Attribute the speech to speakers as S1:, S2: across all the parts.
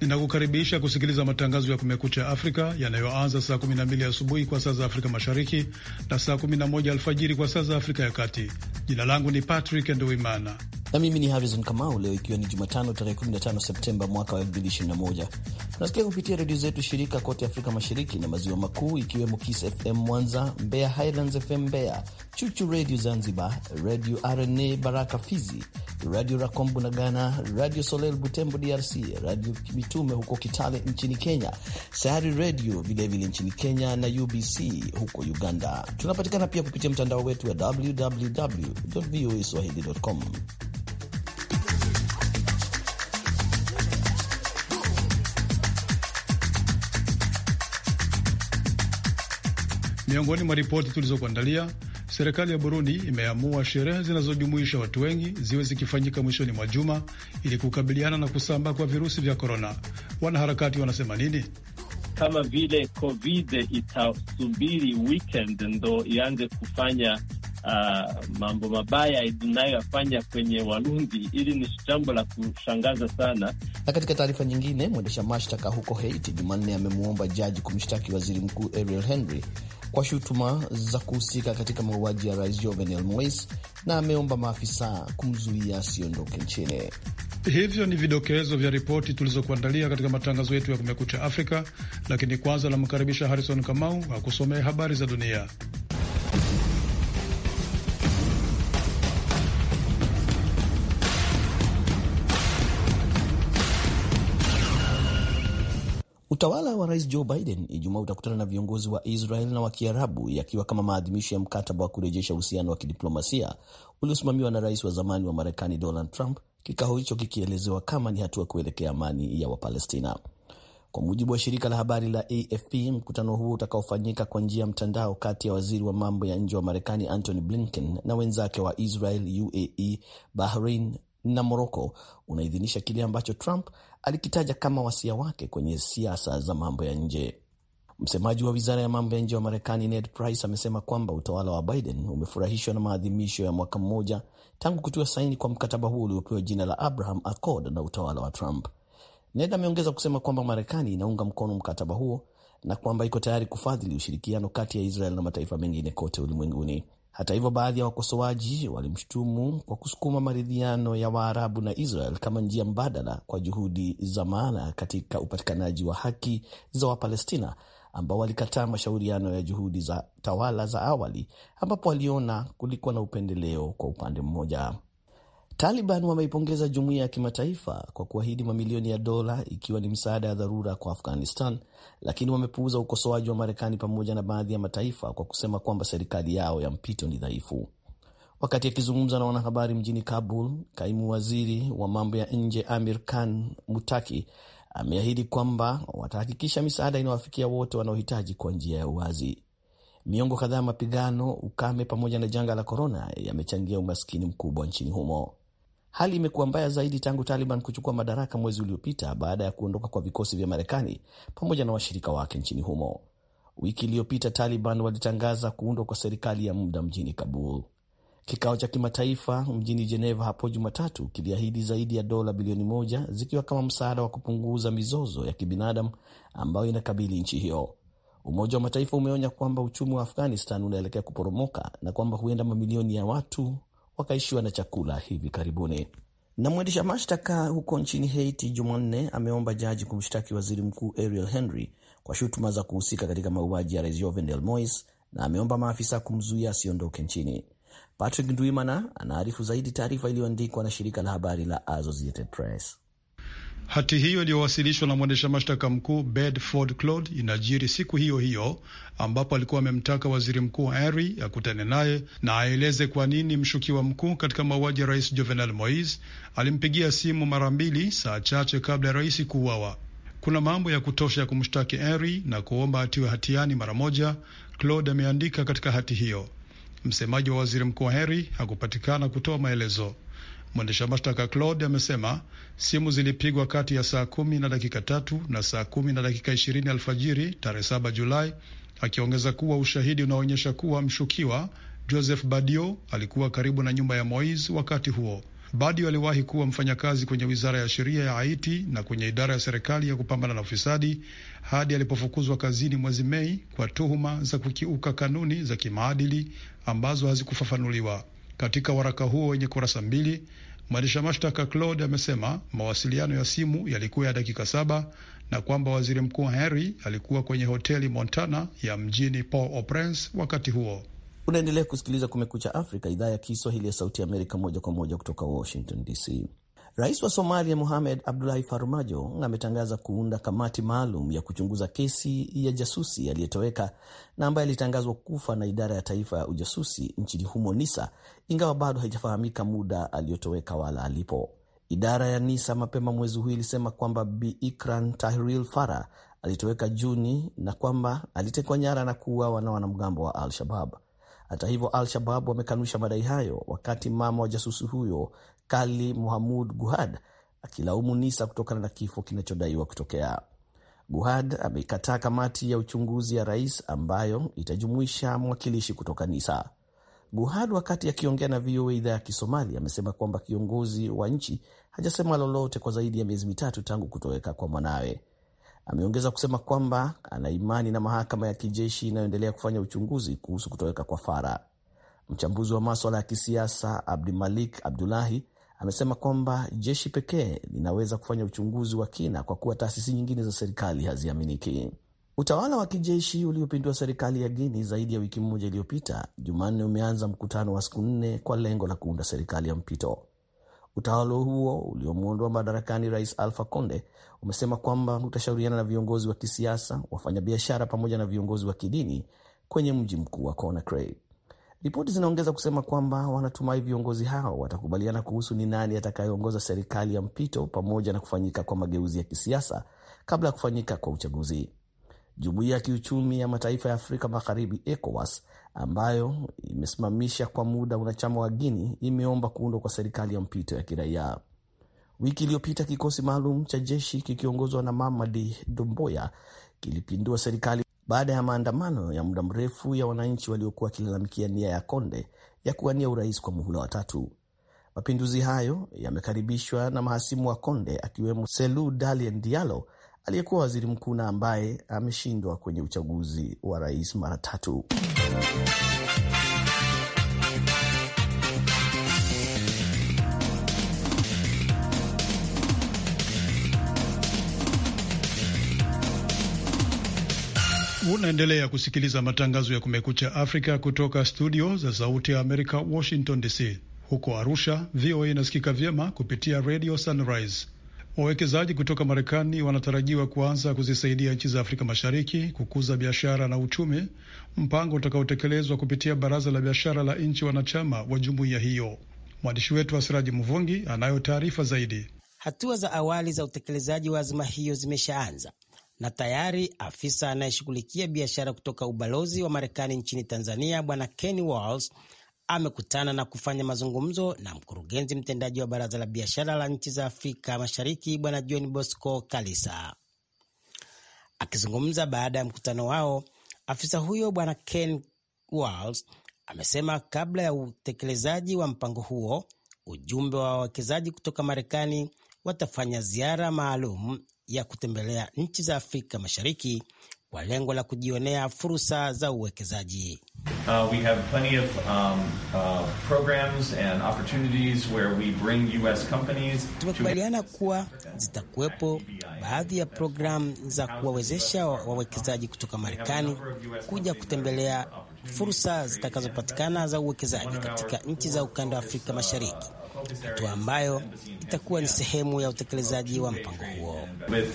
S1: Ninakukaribisha kusikiliza matangazo ya Kumekucha Afrika yanayoanza saa 12 asubuhi kwa saa za Afrika Mashariki na saa 11 alfajiri kwa saa za Afrika ya Kati. Jina langu ni Patrick Nduimana
S2: na mimi ni Harrison Kamau. Leo ikiwa ni Jumatano tarehe 15 Septemba mwaka wa 2021, tunasikia kupitia redio zetu shirika kote Afrika Mashariki na Maziwa Makuu, ikiwemo Kiss FM Mwanza, Mbeya Highlands FM Mbeya, Chuchu Redio Zanzibar, Redio RNA Baraka Fizi, Radio Rakombu na Ghana, Radio Soleil Butembo DRC, Radio Kimi Mitume huko Kitale nchini Kenya, Sayari Redio vilevile nchini Kenya na UBC huko Uganda. Tunapatikana pia kupitia mtandao wetu wa www voa swahili.com.
S1: Miongoni mwa ripoti tulizokuandalia Serikali ya Burundi imeamua sherehe zinazojumuisha watu wengi ziwe zikifanyika mwishoni mwa juma ili kukabiliana na kusambaa kwa virusi vya korona. Wanaharakati wanasema nini?
S3: Kama vile covid itasubiri weekend ndo ianze kufanya uh, mambo mabaya inayoyafanya kwenye Warundi, ili ni jambo la kushangaza sana. Na katika taarifa nyingine,
S2: mwendesha mashtaka huko Haiti Jumanne amemwomba jaji kumshtaki waziri mkuu Ariel Henry kwa shutuma za kuhusika katika mauaji ya rais Jovenel mois na ameomba maafisa kumzuia asiondoke nchini.
S1: Hivyo ni vidokezo vya ripoti tulizokuandalia katika matangazo yetu ya Kumekucha Afrika, lakini kwanza namkaribisha Harrison Kamau akusomee habari za dunia.
S2: Utawala wa Rais Joe Biden Ijumaa utakutana na viongozi wa Israel na wa Kiarabu, yakiwa kama maadhimisho ya mkataba wa kurejesha uhusiano wa kidiplomasia uliosimamiwa na rais wa zamani wa Marekani Donald Trump, kikao hicho kikielezewa kama ni hatua kuelekea amani ya Wapalestina. Kwa mujibu wa shirika la habari la AFP, mkutano huo utakaofanyika kwa njia ya mtandao kati ya waziri wa mambo ya nje wa Marekani Antony Blinken na wenzake wa Israel, UAE, Bahrain, na Morocco unaidhinisha kile ambacho Trump alikitaja kama wasia wake kwenye siasa za mambo ya nje. Msemaji wa wizara ya mambo ya nje wa Marekani Ned Price amesema kwamba utawala wa Biden umefurahishwa na maadhimisho ya mwaka mmoja tangu kutiwa saini kwa mkataba huo uliopewa jina la Abraham Accord na utawala wa Trump. Ned ameongeza kusema kwamba Marekani inaunga mkono mkataba huo na kwamba iko tayari kufadhili ushirikiano kati ya Israel na mataifa mengine kote ulimwenguni. Hata hivyo, baadhi ya wakosoaji walimshutumu kwa kusukuma maridhiano ya Waarabu na Israel kama njia mbadala kwa juhudi za maana katika upatikanaji wa haki za Wapalestina ambao walikataa mashauriano ya juhudi za tawala za awali ambapo waliona kulikuwa na upendeleo kwa upande mmoja. Taliban wameipongeza jumuiya ya kimataifa kwa kuahidi mamilioni ya dola ikiwa ni msaada ya dharura kwa Afghanistan, lakini wamepuuza ukosoaji wa Marekani pamoja na baadhi ya mataifa kwa kusema kwamba serikali yao ya mpito ni dhaifu. Wakati akizungumza na wanahabari mjini Kabul, kaimu waziri wa mambo ya nje Amir Khan Mutaki ameahidi kwamba watahakikisha misaada inawafikia wote wanaohitaji kwa njia ya uwazi. Miongo kadhaa ya mapigano, ukame pamoja na janga la korona yamechangia umaskini mkubwa nchini humo. Hali imekuwa mbaya zaidi tangu Taliban kuchukua madaraka mwezi uliopita baada ya kuondoka kwa vikosi vya Marekani pamoja na washirika wake nchini humo. Wiki iliyopita Taliban walitangaza kuundwa kwa serikali ya muda mjini Kabul. Kikao cha kimataifa mjini Jeneva hapo Jumatatu kiliahidi zaidi ya dola bilioni moja zikiwa kama msaada wa kupunguza mizozo ya kibinadamu ambayo inakabili nchi hiyo. Umoja wa Mataifa umeonya kwamba uchumi wa Afghanistan unaelekea kuporomoka na kwamba huenda mamilioni ya watu wakaishiwa na chakula hivi karibuni. Na mwendesha mashtaka huko nchini Haiti Jumanne ameomba jaji kumshtaki waziri mkuu Ariel Henry kwa shutuma za kuhusika katika mauaji ya rais Jovenel Moise na ameomba maafisa kumzuia asiondoke nchini. Patrick Ndwimana anaarifu zaidi, taarifa iliyoandikwa na shirika la habari la Associated Press.
S1: Hati hiyo iliyowasilishwa na mwendesha mashtaka mkuu Bedford Claude inajiri siku hiyo hiyo ambapo alikuwa amemtaka waziri mkuu Henry akutane naye na aeleze kwa nini mshukiwa mkuu katika mauaji ya rais Jovenel Moise alimpigia simu mara mbili saa chache kabla ya rais kuuawa. Kuna mambo ya kutosha ya kumshtaki Henry na kuomba atiwe hatiani mara moja, Claude ameandika katika hati hiyo. Msemaji wa waziri mkuu Henry hakupatikana kutoa maelezo. Mwendesha mashtaka Claude amesema simu zilipigwa kati ya saa kumi na dakika tatu na saa kumi na dakika ishirini alfajiri tarehe 7 Julai, akiongeza kuwa ushahidi unaonyesha kuwa mshukiwa Joseph Badio alikuwa karibu na nyumba ya Moise wakati huo. Badio aliwahi kuwa mfanyakazi kwenye wizara ya sheria ya Haiti na kwenye idara ya serikali ya kupambana na ufisadi hadi alipofukuzwa kazini mwezi Mei kwa tuhuma za kukiuka kanuni za kimaadili ambazo hazikufafanuliwa. Katika waraka huo wenye kurasa mbili, mwendesha mashtaka Claude amesema mawasiliano ya simu yalikuwa ya dakika saba na kwamba waziri mkuu Henry alikuwa kwenye hoteli Montana ya mjini Port-au-Prince wakati huo. Unaendelea kusikiliza Kumekucha Afrika, idhaa ya Kiswahili
S2: ya Sauti ya Amerika, moja kwa moja kutoka Washington DC. Rais wa Somalia Mohamed Abdullahi Farmajo ametangaza kuunda kamati maalum ya kuchunguza kesi ya jasusi aliyetoweka na ambaye alitangazwa kufa na idara ya taifa ya ujasusi nchini humo NISA, ingawa bado haijafahamika muda aliyotoweka wala alipo. Idara ya NISA mapema mwezi huu ilisema kwamba Bi Ikran Tahiril alitoweka Juni na kwamba alitekwa nyara na kuuawa na wanamgambo wa Al-Shabab. Hata hivyo, Al-Shabab wamekanusha madai hayo, wakati mama wa jasusi huyo Kali Muhamud Guhad akilaumu Nisa kutokana na kifo kinachodaiwa kutokea. Guhad ameikataa kamati ya uchunguzi ya rais ambayo itajumuisha mwakilishi kutoka Nisa. Guhad wakati akiongea na VOA idhaa ya Kisomali amesema kwamba kiongozi wa nchi hajasema lolote kwa zaidi ya miezi mitatu tangu kutoweka kwa mwanawe. Ameongeza kusema kwamba ana imani na mahakama ya kijeshi inayoendelea kufanya uchunguzi kuhusu kutoweka kwa fara Mchambuzi wa maswala ya kisiasa Abdimalik Abdulahi amesema kwamba jeshi pekee linaweza kufanya uchunguzi wa kina kwa kuwa taasisi nyingine za serikali haziaminiki. Utawala wa kijeshi uliopindua serikali ya Guini zaidi ya wiki moja iliyopita Jumanne umeanza mkutano wa siku nne kwa lengo la kuunda serikali ya mpito. Utawala huo uliomwondoa madarakani Rais Alfa Conde umesema kwamba utashauriana na viongozi wa kisiasa, wafanyabiashara pamoja na viongozi wa kidini kwenye mji mkuu wa Conakry. Ripoti zinaongeza kusema kwamba wanatumai viongozi hao watakubaliana kuhusu ni nani atakayeongoza serikali ya mpito pamoja na kufanyika kwa mageuzi ya kisiasa kabla ya kufanyika kwa uchaguzi. Jumuiya ya Kiuchumi ya Mataifa ya Afrika Magharibi, ECOWAS, ambayo imesimamisha kwa muda unachama wa Guini, imeomba kuundwa kwa serikali ya mpito ya kiraia. Wiki iliyopita kikosi maalum cha jeshi kikiongozwa na Mamadi domboya kilipindua serikali baada ya maandamano ya muda mrefu ya wananchi waliokuwa wakilalamikia nia ya Konde ya kuwania urais kwa muhula watatu. Mapinduzi hayo yamekaribishwa na mahasimu wa Konde akiwemo Selu Dalien Dialo aliyekuwa waziri mkuu na ambaye ameshindwa kwenye uchaguzi wa rais mara tatu.
S1: Unaendelea kusikiliza matangazo ya Kumekucha Afrika kutoka studio za Sauti ya Amerika, Washington DC. Huko Arusha, VOA inasikika vyema kupitia Radio Sunrise. Wawekezaji kutoka Marekani wanatarajiwa kuanza kuzisaidia nchi za Afrika Mashariki kukuza biashara na uchumi, mpango utakaotekelezwa kupitia Baraza la Biashara la nchi wanachama wa jumuiya hiyo. Mwandishi wetu Asiraji Mvungi anayo taarifa zaidi.
S4: Hatua za awali za utekelezaji wa azima hiyo zimeshaanza na tayari afisa anayeshughulikia biashara kutoka ubalozi wa Marekani nchini Tanzania Bwana Kenny Walls amekutana na kufanya mazungumzo na mkurugenzi mtendaji wa baraza la biashara la nchi za Afrika Mashariki Bwana John Bosco Kalisa. Akizungumza baada ya mkutano wao, afisa huyo Bwana Ken Walls amesema kabla ya utekelezaji wa mpango huo, ujumbe wa wawekezaji kutoka Marekani watafanya ziara maalum ya kutembelea nchi za Afrika Mashariki kwa lengo la kujionea fursa za uwekezaji.
S3: Uh, we have plenty of um, uh, programs and opportunities where we bring US companies. Tumekubaliana
S4: kuwa zitakuwepo baadhi ya programu za kuwawezesha wawekezaji kutoka Marekani kuja kutembelea fursa zitakazopatikana za uwekezaji katika nchi za ukanda wa Afrika Mashariki, hatua ambayo itakuwa ni sehemu ya utekelezaji wa mpango
S3: huo. Uh,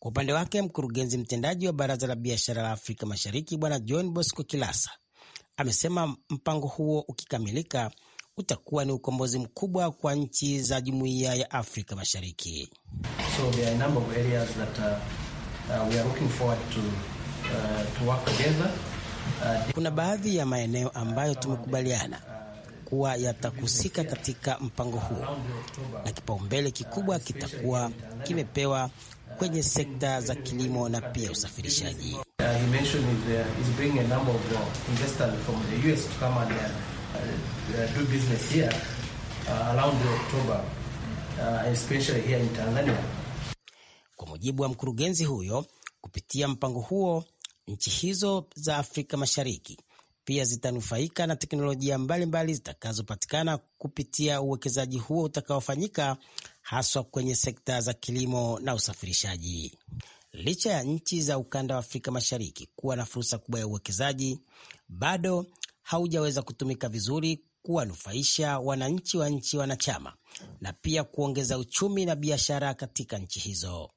S4: Kwa upande wake, mkurugenzi mtendaji wa Baraza la Biashara la Afrika Mashariki Bwana John Bosco Kilasa amesema mpango huo ukikamilika utakuwa ni ukombozi mkubwa kwa nchi za jumuiya ya Afrika Mashariki. Uh, uh, Kuna baadhi ya maeneo ambayo tumekubaliana kuwa yatahusika katika mpango huo na kipaumbele kikubwa kitakuwa kimepewa kwenye sekta za kilimo na pia usafirishaji. Uh, uh, do business here uh, around October uh, especially here in Tanzania. Kwa mujibu wa mkurugenzi huyo, kupitia mpango huo nchi hizo za Afrika Mashariki pia zitanufaika na teknolojia mbalimbali zitakazopatikana kupitia uwekezaji huo utakaofanyika haswa kwenye sekta za kilimo na usafirishaji. Licha ya nchi za ukanda wa Afrika Mashariki kuwa na fursa kubwa ya uwekezaji, bado haujaweza kutumika vizuri kuwanufaisha wananchi wa nchi wanachama na pia kuongeza uchumi na biashara katika nchi hizo.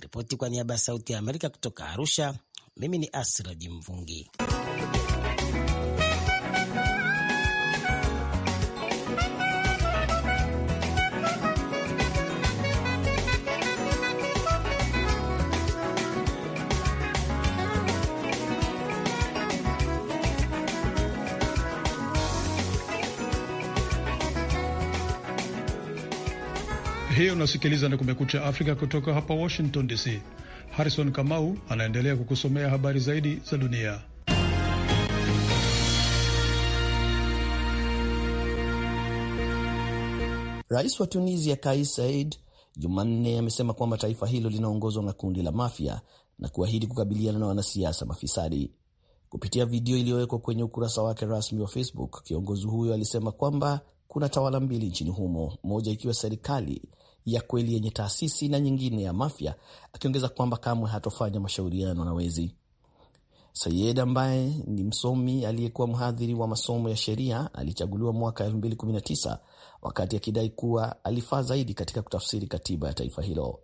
S4: Ripoti kwa niaba ya Sauti ya Amerika kutoka Arusha, mimi ni asraji mvungi
S1: hiyo. Unasikiliza na Kumekucha Afrika kutoka hapa Washington DC. Harrison Kamau anaendelea kukusomea habari zaidi za dunia.
S2: Rais wa Tunisia Kais Saied Jumanne amesema kwamba taifa hilo linaongozwa na kundi la mafia na kuahidi kukabiliana na wanasiasa mafisadi. Kupitia video iliyowekwa kwenye ukurasa wake rasmi wa Facebook, kiongozi huyo alisema kwamba kuna tawala mbili nchini humo, moja ikiwa serikali ya kweli yenye taasisi na nyingine ya mafya akiongeza kwamba kamwe hatofanya mashauriano na wezi. Sayed ambaye ni msomi aliyekuwa mhadhiri wa masomo ya sheria alichaguliwa mwaka 2019 wakati akidai kuwa alifaa zaidi katika kutafsiri katiba ya taifa hilo.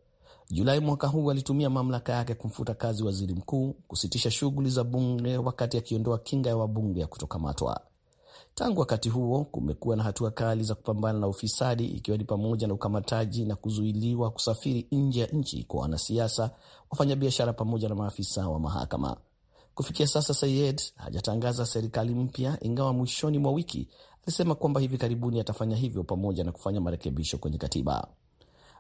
S2: Julai mwaka huu alitumia mamlaka yake kumfuta kazi waziri mkuu, kusitisha shughuli za bunge wakati akiondoa kinga ya wabunge ya kutokamatwa. Tangu wakati huo kumekuwa na hatua kali za kupambana na ufisadi, ikiwa ni pamoja na ukamataji na kuzuiliwa kusafiri nje ya nchi kwa wanasiasa, wafanyabiashara pamoja na maafisa wa mahakama. Kufikia sasa, Sayed hajatangaza serikali mpya, ingawa mwishoni mwa wiki alisema kwamba hivi karibuni atafanya hivyo pamoja na kufanya marekebisho kwenye katiba.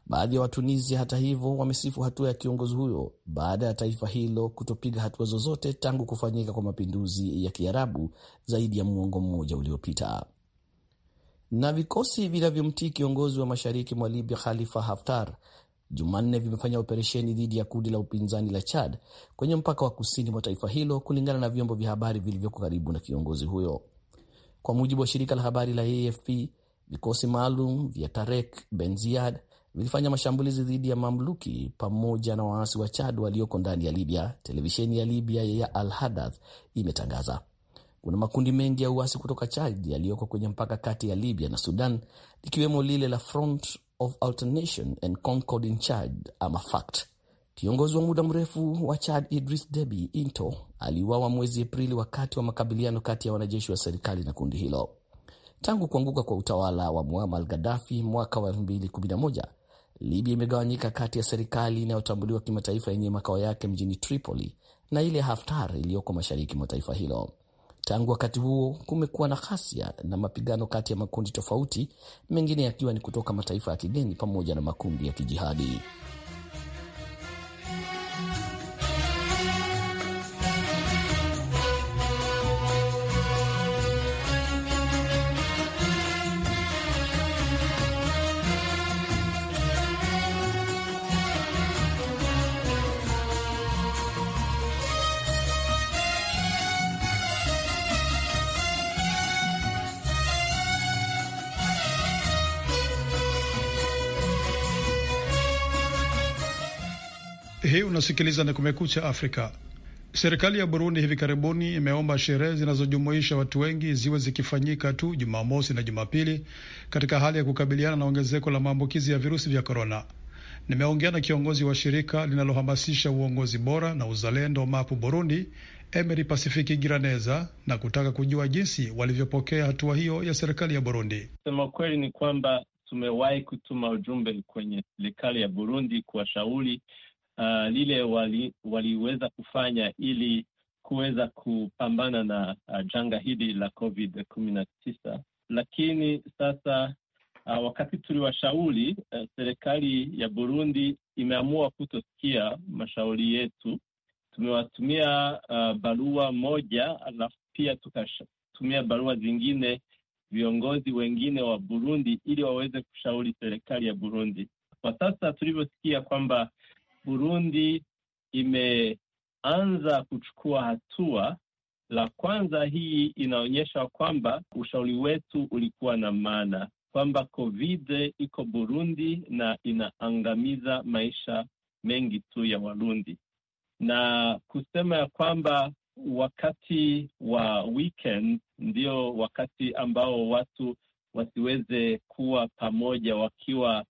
S2: Baadhi ya Watunisia hata hivyo, wamesifu hatua ya kiongozi huyo baada ya taifa hilo kutopiga hatua zozote tangu kufanyika kwa mapinduzi ya Kiarabu zaidi ya muongo mmoja uliopita. Na vikosi vinavyomtii kiongozi wa mashariki mwa Libya Khalifa Haftar Jumanne vimefanya operesheni dhidi ya kundi la upinzani la Chad kwenye mpaka wa kusini mwa taifa hilo, kulingana na vyombo vya habari vilivyoko karibu na kiongozi huyo. Kwa mujibu wa shirika la habari la AFP, vikosi maalum vya Tarek Benziad vilifanya mashambulizi dhidi ya mamluki pamoja na waasi wa Chad walioko ndani ya Libya, televisheni ya Libya ya Al Hadath imetangaza. Kuna makundi mengi ya uasi kutoka Chad yaliyoko kwenye mpaka kati ya Libya na Sudan, likiwemo lile la Front of Alternation and Concord in Chad ama FACT. Kiongozi wa muda mrefu wa Chad Idris Deby Itno aliuawa mwezi Aprili wakati wa makabiliano kati ya wanajeshi wa serikali na kundi hilo. Tangu kuanguka kwa utawala wa Muammar Gaddafi mwaka wa Libya imegawanyika kati ya serikali inayotambuliwa kimataifa yenye makao yake mjini Tripoli na ile Haftar iliyoko mashariki mwa taifa hilo. Tangu wakati huo kumekuwa na ghasia na mapigano kati ya makundi tofauti, mengine yakiwa ni kutoka mataifa ya kigeni pamoja na makundi ya kijihadi.
S1: hii unasikiliza ni Kumekucha Afrika. Serikali ya Burundi hivi karibuni imeomba sherehe zinazojumuisha watu wengi ziwe zikifanyika tu Jumamosi na Jumapili katika hali ya kukabiliana na ongezeko la maambukizi ya virusi vya korona. Nimeongea na kiongozi wa shirika linalohamasisha uongozi bora na uzalendo Mapu Burundi, Emery Pasifiki Giraneza, na kutaka kujua jinsi walivyopokea hatua hiyo ya serikali ya Burundi.
S3: Sema kweli ni kwamba tumewahi kutuma ujumbe kwenye serikali ya Burundi kuwashauri uh, lile wali, waliweza kufanya ili kuweza kupambana na uh, janga hili la COVID kumi na tisa, lakini sasa uh, wakati tuliwashauri uh, serikali ya Burundi imeamua kutosikia mashauri yetu. Tumewatumia uh, barua moja, alafu pia tukatumia barua zingine viongozi wengine wa Burundi ili waweze kushauri serikali ya Burundi. Kwa sasa tulivyosikia kwamba Burundi imeanza kuchukua hatua. La kwanza, hii inaonyesha kwamba ushauri wetu ulikuwa na maana, kwamba Covid iko Burundi na inaangamiza maisha mengi tu ya Warundi, na kusema ya kwamba wakati wa weekend ndio wakati ambao watu wasiweze kuwa pamoja wakiwa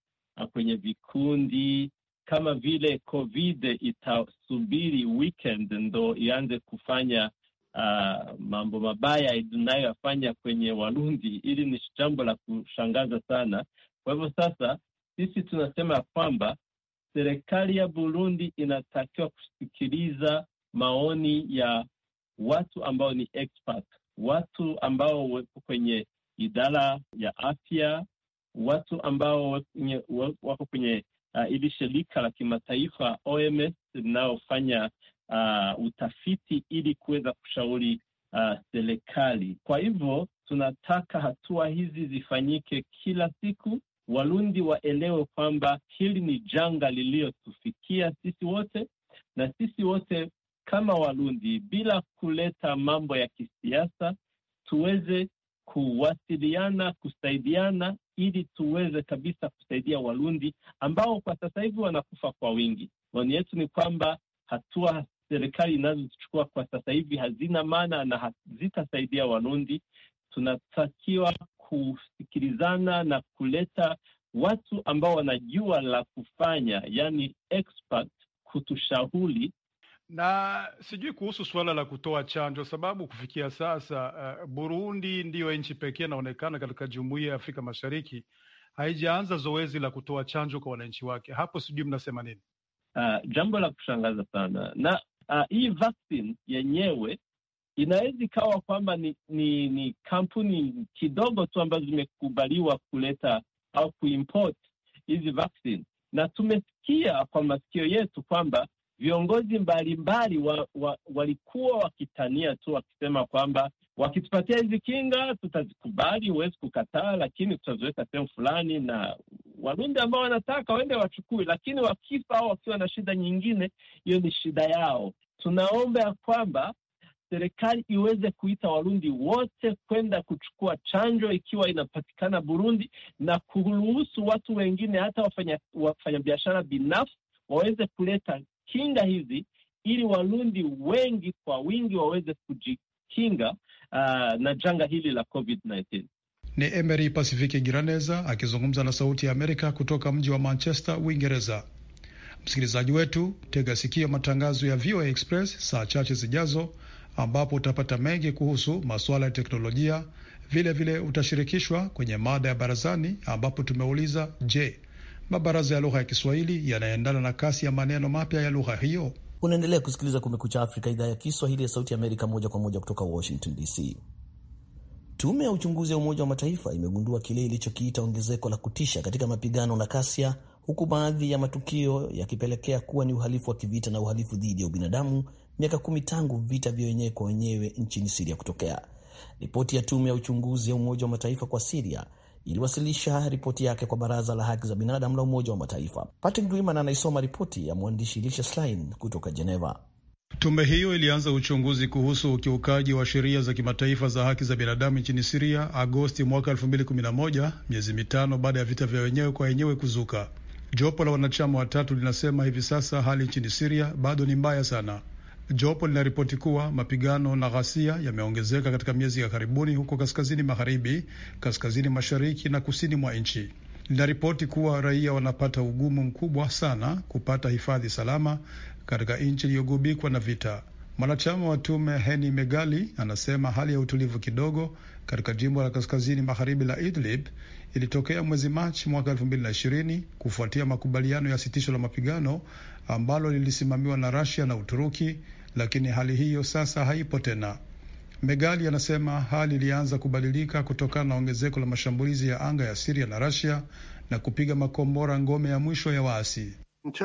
S3: kwenye vikundi kama vile COVID itasubiri weekend ndo ianze kufanya uh, mambo mabaya inayoyafanya kwenye Warundi, ili ni jambo la kushangaza sana. Kwa hivyo sasa sisi tunasema kwamba serikali ya Burundi inatakiwa kusikiliza maoni ya watu ambao ni expert, watu ambao wako kwenye idara ya afya, watu ambao wako kwenye uh, ili shirika la kimataifa OMS linalofanya uh, utafiti ili kuweza kushauri uh, serikali. Kwa hivyo tunataka hatua hizi zifanyike kila siku, Warundi waelewe kwamba hili ni janga liliyotufikia sisi wote, na sisi wote kama Warundi, bila kuleta mambo ya kisiasa, tuweze kuwasiliana, kusaidiana ili tuweze kabisa kusaidia Warundi ambao kwa sasa hivi wanakufa kwa wingi. Maoni yetu ni kwamba hatua serikali inazochukua kwa sasa hivi hazina maana na hazitasaidia Warundi. Tunatakiwa kusikilizana na kuleta watu ambao wanajua la kufanya, yani expert,
S1: kutushauri na sijui kuhusu suala la kutoa chanjo, sababu kufikia sasa uh, Burundi ndiyo nchi pekee inaonekana katika jumuiya ya Afrika Mashariki haijaanza zoezi la kutoa chanjo kwa wananchi wake. Hapo sijui mnasema nini? Uh, jambo la kushangaza sana na uh, hii vaccine yenyewe inaweza
S3: ikawa kwamba ni, ni, ni kampuni kidogo tu ambazo zimekubaliwa kuleta au kuimport hizi vaccine, na tumesikia kwa masikio yetu kwamba viongozi mbalimbali wa, wa, walikuwa wakitania tu wakisema kwamba wakitupatia hizi kinga tutazikubali, huwezi kukataa, lakini tutaziweka sehemu fulani, na Warundi ambao wanataka waende wachukue, lakini wakifa au wakiwa na shida nyingine, hiyo ni shida yao. Tunaomba ya kwamba serikali iweze kuita Warundi wote kwenda kuchukua chanjo ikiwa inapatikana Burundi, na kuruhusu watu wengine hata wafanyabiashara wafanya binafsi waweze kuleta kinga hizi ili Warundi wengi kwa wingi waweze kujikinga uh, na janga hili la COVID-19.
S1: Ni Emery Pasifiki Giraneza akizungumza na Sauti ya Amerika kutoka mji wa Manchester, Uingereza. Msikilizaji wetu, tega sikio matangazo ya VOA Express saa chache zijazo, ambapo utapata mengi kuhusu masuala ya teknolojia. Vilevile vile utashirikishwa kwenye mada ya barazani, ambapo tumeuliza je, mabaraza ya lugha ya Kiswahili yanaendana na kasi ya maneno mapya ya lugha hiyo. Unaendelea kusikiliza Kumekucha Afrika, idhaa ya Kiswahili ya Sauti ya Amerika, moja kwa moja kutoka
S2: Washington DC. Tume ya uchunguzi ya Umoja wa Mataifa imegundua kile ilichokiita ongezeko la kutisha katika mapigano na kasia, huku baadhi ya matukio yakipelekea kuwa ni uhalifu wa kivita na uhalifu dhidi ya ubinadamu, miaka kumi tangu vita vya wenyewe kwa wenyewe nchini Siria kutokea. Ripoti ya tume ya uchunguzi ya Umoja wa Mataifa kwa Siria iliwasilisha ripoti yake kwa Baraza la Haki za Binadamu la Umoja wa Mataifa. Patrick Dwiman anaisoma ripoti ya mwandishi Lisha Slain kutoka Geneva.
S1: Tume hiyo ilianza uchunguzi kuhusu ukiukaji wa sheria za kimataifa za haki za binadamu nchini Siria Agosti mwaka 2011, miezi mitano baada ya vita vya wenyewe kwa wenyewe kuzuka. Jopo la wanachama watatu linasema hivi sasa hali nchini Siria bado ni mbaya sana. Jopo linaripoti kuwa mapigano na ghasia yameongezeka katika miezi ya karibuni huko kaskazini magharibi, kaskazini mashariki na kusini mwa nchi. Linaripoti kuwa raia wanapata ugumu mkubwa sana kupata hifadhi salama katika nchi iliyogubikwa na vita. Mwanachama wa tume Heni Megali anasema hali ya utulivu kidogo katika jimbo la kaskazini magharibi la Idlib ilitokea mwezi Machi mwaka ishirini kufuatia makubaliano ya sitisho la mapigano ambalo lilisimamiwa na Rasia na Uturuki lakini hali hiyo sasa haipo tena. Megali anasema hali ilianza kubadilika kutokana na ongezeko la mashambulizi ya anga ya Siria na Rasia na kupiga makombora ngome ya mwisho ya waasi. Uh,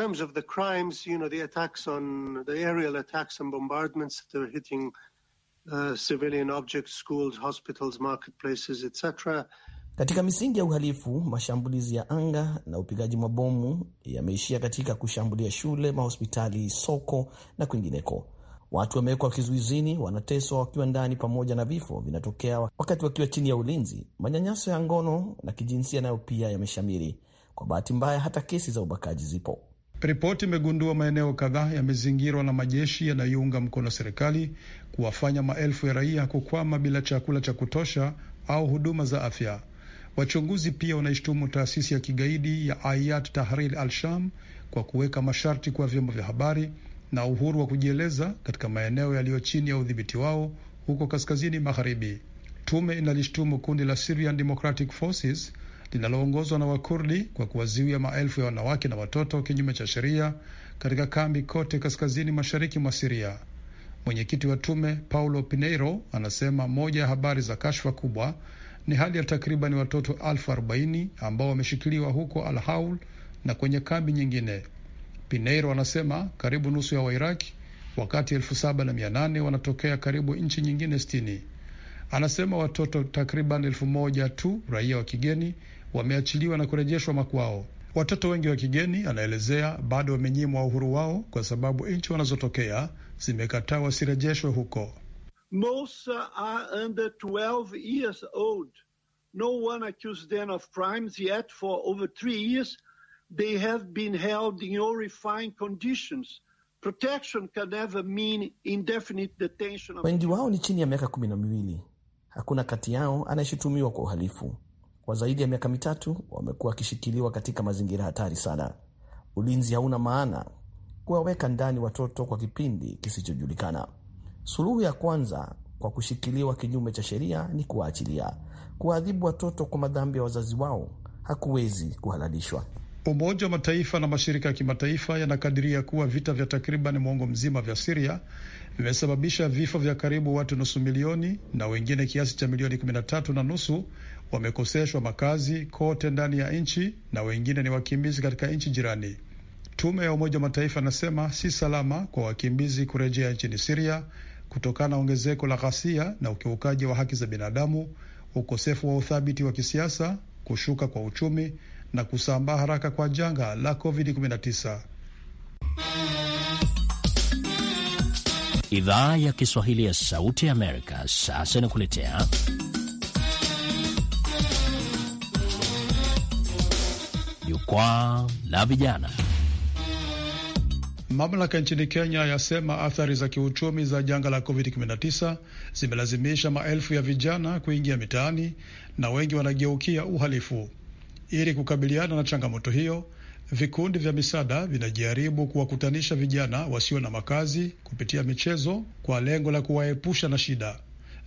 S2: katika misingi ya uhalifu, mashambulizi ya anga na upigaji mabomu yameishia katika kushambulia shule, mahospitali, soko na kwingineko. Watu wamewekwa kizuizini, wanateswa wakiwa ndani, pamoja na vifo vinatokea wakati wakiwa chini ya ulinzi. Manyanyaso ya ngono na kijinsia nayo
S1: pia yameshamiri. Kwa bahati mbaya, hata kesi za ubakaji zipo. Ripoti imegundua maeneo kadhaa yamezingirwa na majeshi yanayounga mkono serikali, kuwafanya maelfu ya raia kukwama bila chakula cha kutosha au huduma za afya. Wachunguzi pia wanaishtumu taasisi ya kigaidi ya Ayat Tahrir al-Sham kwa kuweka masharti kwa vyombo vya habari na uhuru wa kujieleza katika maeneo yaliyo chini ya udhibiti wao huko kaskazini magharibi. Tume inalishtumu kundi la Syrian Democratic Forces linaloongozwa na Wakurdi kwa kuwaziwia maelfu ya wanawake na watoto kinyume cha sheria katika kambi kote kaskazini mashariki mwa Siria. Mwenyekiti wa tume Paulo Pineiro anasema moja ya habari za kashfa kubwa ni hali ya takriban watoto elfu arobaini ambao wameshikiliwa huko Al Haul na kwenye kambi nyingine. Pineiro anasema karibu nusu ya Wairaki, wakati elfu saba na mia nane wanatokea karibu nchi nyingine sitini. Anasema watoto takriban elfu moja tu raia wa kigeni wameachiliwa na kurejeshwa makwao. Watoto wengi wa kigeni, anaelezea, bado wamenyimwa uhuru wao kwa sababu nchi wanazotokea zimekataa wasirejeshwe huko. Most
S3: are under 12 years old. No one accused them of crimes yet for over three years. They have been held in horrifying conditions. Protection can never mean indefinite detention. Wengi
S2: wao ni chini ya miaka kumi na miwili. Hakuna kati yao anayeshutumiwa kwa uhalifu. Kwa zaidi ya miaka mitatu wamekuwa wakishikiliwa katika mazingira hatari sana. Ulinzi hauna maana, kuwaweka ndani watoto kwa kipindi kisichojulikana. Suluhu ya kwanza kwa kushikiliwa kinyume cha sheria ni kuwaachilia. Kuwaadhibu watoto kwa madhambi ya wazazi wao
S1: hakuwezi kuhalalishwa. Umoja wa Mataifa na mashirika ya kimataifa yanakadiria kuwa vita vya takriban mwongo mzima vya Siria vimesababisha vifo vya karibu watu nusu milioni na wengine kiasi cha milioni kumi na tatu na nusu wamekoseshwa makazi kote ndani ya nchi na wengine ni wakimbizi katika nchi jirani. Tume ya Umoja wa Mataifa anasema si salama kwa wakimbizi kurejea nchini Siria kutokana na ongezeko la ghasia na ukiukaji wa haki za binadamu, ukosefu wa uthabiti wa kisiasa, kushuka kwa uchumi na kusambaa haraka kwa janga la COVID-19.
S3: Idhaa ya Kiswahili ya Sauti ya Amerika sasa inakuletea
S1: Jukwaa la Vijana. Mamlaka nchini Kenya yasema athari za kiuchumi za janga la COVID-19 zimelazimisha maelfu ya vijana kuingia mitaani na wengi wanageukia uhalifu. Ili kukabiliana na changamoto hiyo, vikundi vya misaada vinajaribu kuwakutanisha vijana wasio na makazi kupitia michezo kwa lengo la kuwaepusha na shida.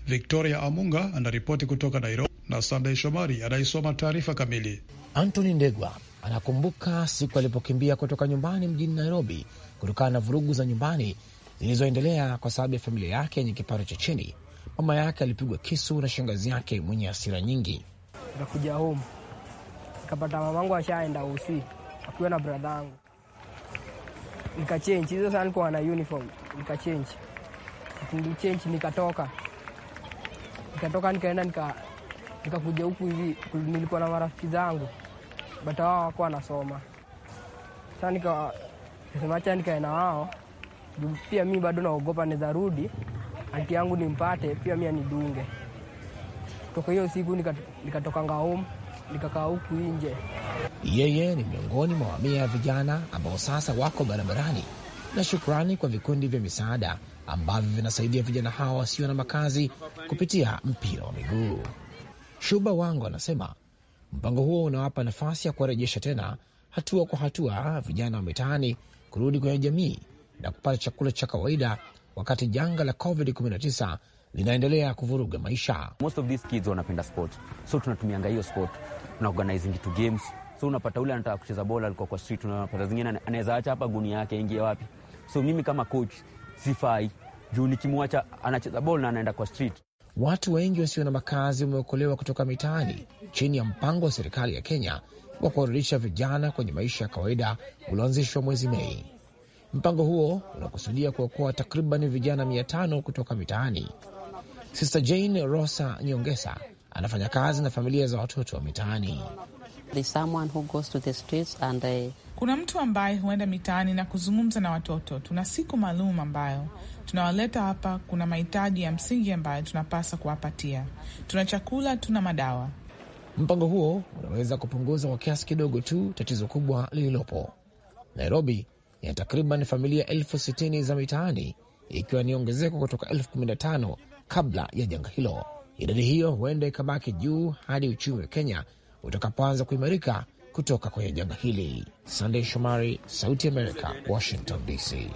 S1: Victoria Amunga anaripoti kutoka Nairobi na Sandey Shomari anayesoma taarifa kamili.
S5: Antony Ndegwa anakumbuka siku alipokimbia kutoka nyumbani mjini Nairobi kutokana na vurugu za nyumbani zilizoendelea kwa sababu ya familia yake yenye kipato cha chini. Mama yake alipigwa kisu na shangazi yake mwenye hasira nyingi.
S4: Nakuja home Nikapata mamangu ashaenda usi akiwa na bradha yangu, nikachenji hizo sana, niko na uniform nikachenji change nikatoka nikatoka nikaenda nikakuja huku hivi, nilikuwa na marafiki zangu bata wao wako wanasoma. Sasa nikasema acha nikae wao, pia mi bado naogopa nizarudi anti yangu nimpate, pia mi anidunge. Toka hiyo siku nikatokanga home nikakaa huku nje.
S5: Yeye ni miongoni mwa mamia ya vijana ambao sasa wako barabarani na shukrani kwa vikundi vya misaada ambavyo vinasaidia vijana hawa wasio na makazi kupitia mpira wa miguu. Shuba Wango anasema mpango huo unawapa nafasi ya kuwarejesha tena hatua kwa hatua vijana wa mitaani kurudi kwenye jamii na kupata chakula cha kawaida wakati janga la COVID-19 linaendelea kuvuruga maisha. Most of these kids wanapenda sport, so tunatumianga hiyo sport na organizing to
S3: games, so unapata ule anataka kucheza bola alikuwa kwa street, unapata zingine anaweza acha hapa guni yake ingie wapi. So mimi kama coach sifai juu nikimwacha anacheza bola na anaenda kwa street.
S5: Watu wengi wasio na makazi wameokolewa kutoka mitaani chini ya mpango wa serikali ya Kenya wa kuwarudisha vijana kwenye maisha ya kawaida ulioanzishwa mwezi Mei. Mpango huo unakusudia kuokoa takriban vijana mia tano kutoka mitaani. Sister Jane Rosa Nyongesa anafanya kazi na familia za watoto wa mitaani. Kuna mtu ambaye huenda mitaani na kuzungumza na watoto. Tuna siku maalum ambayo tunawaleta hapa. Kuna mahitaji ya msingi ambayo tunapasa kuwapatia. Tuna chakula, tuna madawa. Mpango huo unaweza kupunguza kwa kiasi kidogo tu tatizo kubwa lililopo Nairobi ya takriban familia elfu sitini za mitaani ikiwa ni ongezeko kutoka elfu kumi na tano kabla ya janga hilo. Idadi hiyo huenda ikabaki juu hadi uchumi wa Kenya utakapoanza kuimarika kutoka kwenye janga hili. Sandey Shomari, Sauti ya Amerika, Washington DC.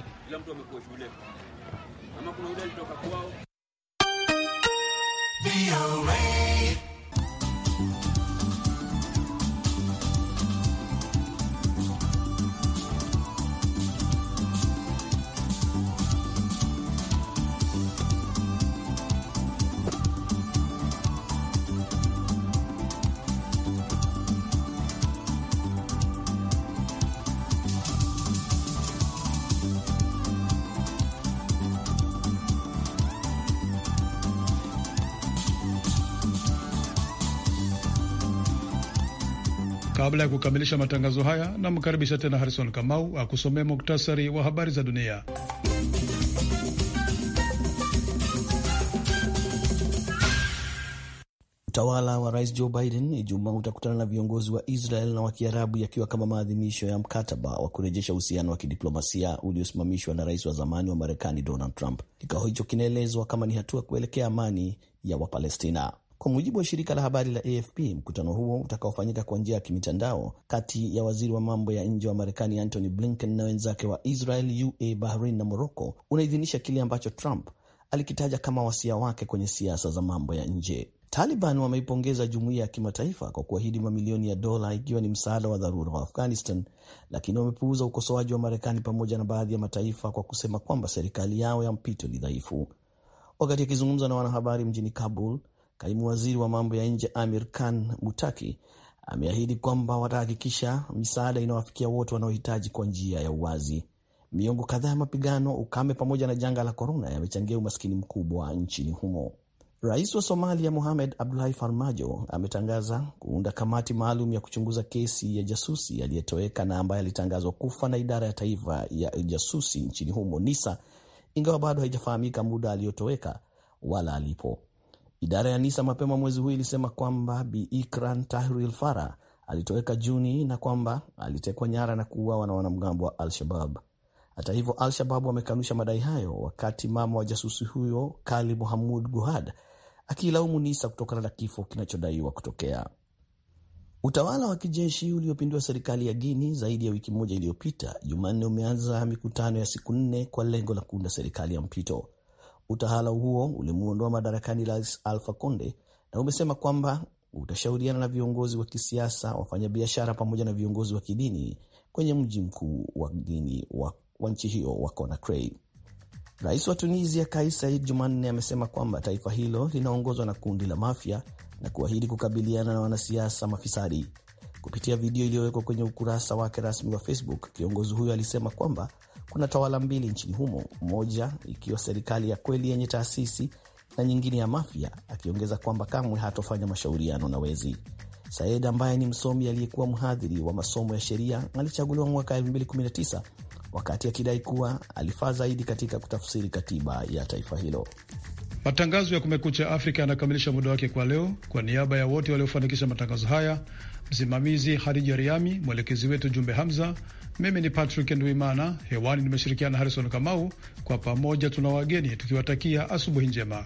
S1: Kabla ya kukamilisha matangazo haya, namkaribisha tena Harrison Kamau akusomea muktasari wa habari za dunia.
S2: Utawala wa rais Joe Biden Ijumaa utakutana na viongozi wa Israel na wa Kiarabu, yakiwa kama maadhimisho ya mkataba wa kurejesha uhusiano wa kidiplomasia uliosimamishwa na rais wa zamani wa Marekani Donald Trump. Kikao hicho kinaelezwa kama ni hatua kuelekea amani ya Wapalestina. Kwa mujibu wa shirika la habari la AFP, mkutano huo utakaofanyika kwa njia ya kimitandao kati ya waziri wa mambo ya nje wa Marekani Antony Blinken na wenzake wa Israel, UA, Bahrain na Morocco unaidhinisha kile ambacho Trump alikitaja kama wasia wake kwenye siasa za mambo ya nje. Taliban wameipongeza jumuiya ya kimataifa kwa kuahidi mamilioni ya dola ikiwa ni msaada wa dharura wa Afghanistan, lakini wamepuuza ukosoaji wa Marekani pamoja na baadhi ya mataifa kwa kusema kwamba serikali yao ya mpito ni dhaifu. Wakati akizungumza na wanahabari mjini Kabul, Kaimu waziri wa mambo ya nje Amir Khan Mutaki ameahidi kwamba watahakikisha misaada inawafikia wote wanaohitaji kwa njia ya uwazi. Miongo kadhaa ya mapigano, ukame pamoja na janga la korona yamechangia umaskini mkubwa nchini humo. Rais wa Somalia Mohamed Abdullahi Farmajo ametangaza kuunda kamati maalum ya kuchunguza kesi ya jasusi aliyetoweka na ambaye alitangazwa kufa na idara ya taifa ya jasusi nchini humo NISA, ingawa bado haijafahamika muda aliyotoweka wala alipo. Idara ya NISA mapema mwezi huu ilisema kwamba Bi Ikran fara Farah alitoweka Juni na kwamba alitekwa nyara na kuuawa na wanamgambo wa Al-Shabab. Hata hivyo, Al-Shabab wamekanusha madai hayo, wakati mama wa jasusi huyo Kali muhamud Guhad akiilaumu NISA kutokana na kifo kinachodaiwa kutokea. Utawala wa kijeshi uliopindua serikali ya Guini zaidi ya wiki moja iliyopita Jumanne umeanza mikutano ya siku nne kwa lengo la kuunda serikali ya mpito. Utawala huo ulimuondoa madarakani Rais Alpha Conde na umesema kwamba utashauriana na viongozi wa kisiasa, wafanyabiashara pamoja na viongozi wa kidini kwenye mji mkuu wa dini wa nchi hiyo wa Conakry. Rais wa Tunisia Kais Said Jumanne amesema kwamba taifa hilo linaongozwa na kundi la mafia na kuahidi kukabiliana na wanasiasa mafisadi. Kupitia video iliyowekwa kwenye ukurasa wake rasmi wa Facebook, kiongozi huyo alisema kwamba kuna tawala mbili nchini humo, moja ikiwa serikali ya kweli yenye taasisi na nyingine ya mafia, akiongeza kwamba kamwe hatofanya mashauriano na wezi. Said ambaye ni msomi aliyekuwa mhadhiri wa masomo ya sheria alichaguliwa mwaka 2019 wakati akidai kuwa alifaa zaidi katika kutafsiri katiba ya taifa hilo.
S1: Matangazo ya Kumekucha Afrika yanakamilisha muda wake kwa leo. Kwa niaba ya wote waliofanikisha matangazo haya, msimamizi Hadija Riami, mwelekezi wetu Jumbe Hamza, mimi ni Patrick Ndwimana hewani nimeshirikiana na Harrison Kamau. Kwa pamoja tuna wageni tukiwatakia asubuhi njema.